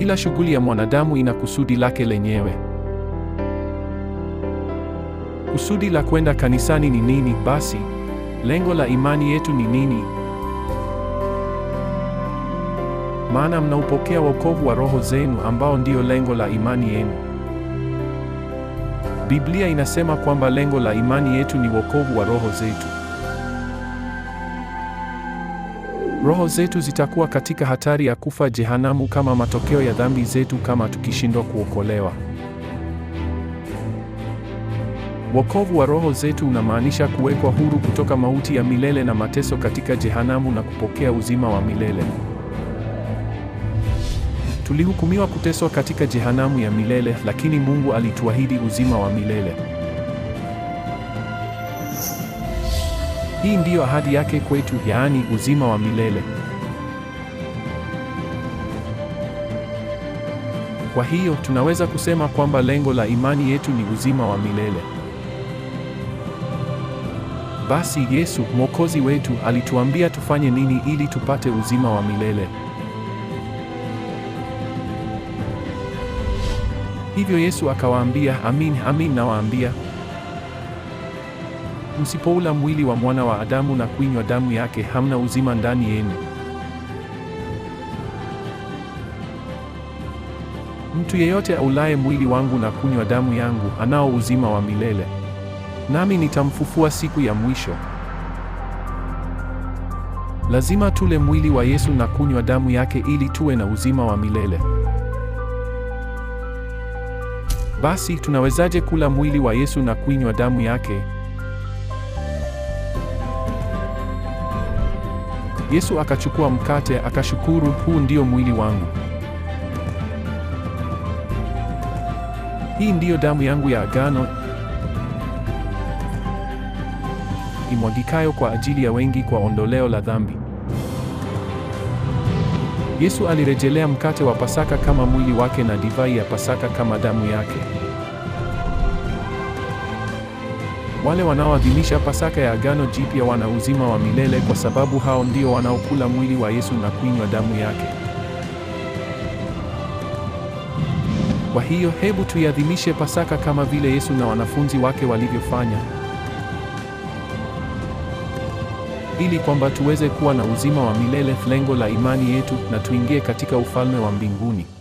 Kila shughuli ya mwanadamu ina kusudi lake lenyewe. Kusudi la kwenda kanisani ni nini basi? Lengo la imani yetu ni nini? Maana mnaupokea wokovu wa roho zenu ambao ndio lengo la imani yenu. Biblia inasema kwamba lengo la imani yetu ni wokovu wa roho zetu. Roho zetu zitakuwa katika hatari ya kufa jehanamu kama matokeo ya dhambi zetu kama tukishindwa kuokolewa. Wokovu wa roho zetu unamaanisha kuwekwa huru kutoka mauti ya milele na mateso katika jehanamu na kupokea uzima wa milele. Tulihukumiwa kuteswa katika jehanamu ya milele, lakini Mungu alituahidi uzima wa milele. Hii ndiyo ahadi yake kwetu, yaani uzima wa milele. Kwa hiyo tunaweza kusema kwamba lengo la imani yetu ni uzima wa milele. Basi Yesu Mwokozi wetu alituambia tufanye nini ili tupate uzima wa milele? Hivyo Yesu akawaambia, amin, amin nawaambia Msipoula mwili wa mwana wa Adamu na kuinywa damu yake, hamna uzima ndani yenu. Mtu yeyote aulaye mwili wangu na kunywa damu yangu anao uzima wa milele, nami nitamfufua siku ya mwisho. Lazima tule mwili wa Yesu na kunywa damu yake ili tuwe na uzima wa milele. Basi tunawezaje kula mwili wa Yesu na kuinywa damu yake? Yesu akachukua mkate, akashukuru, huu ndio mwili wangu. Hii ndiyo damu yangu ya agano imwagikayo kwa ajili ya wengi kwa ondoleo la dhambi. Yesu alirejelea mkate wa Pasaka kama mwili wake na divai ya Pasaka kama damu yake. Wale wanaoadhimisha Pasaka ya Agano Jipya wana uzima wa milele kwa sababu hao ndio wanaokula mwili wa Yesu na kunywa damu yake. Kwa hiyo hebu tuiadhimishe Pasaka kama vile Yesu na wanafunzi wake walivyofanya, ili kwamba tuweze kuwa na uzima wa milele, lengo la imani yetu, na tuingie katika ufalme wa mbinguni.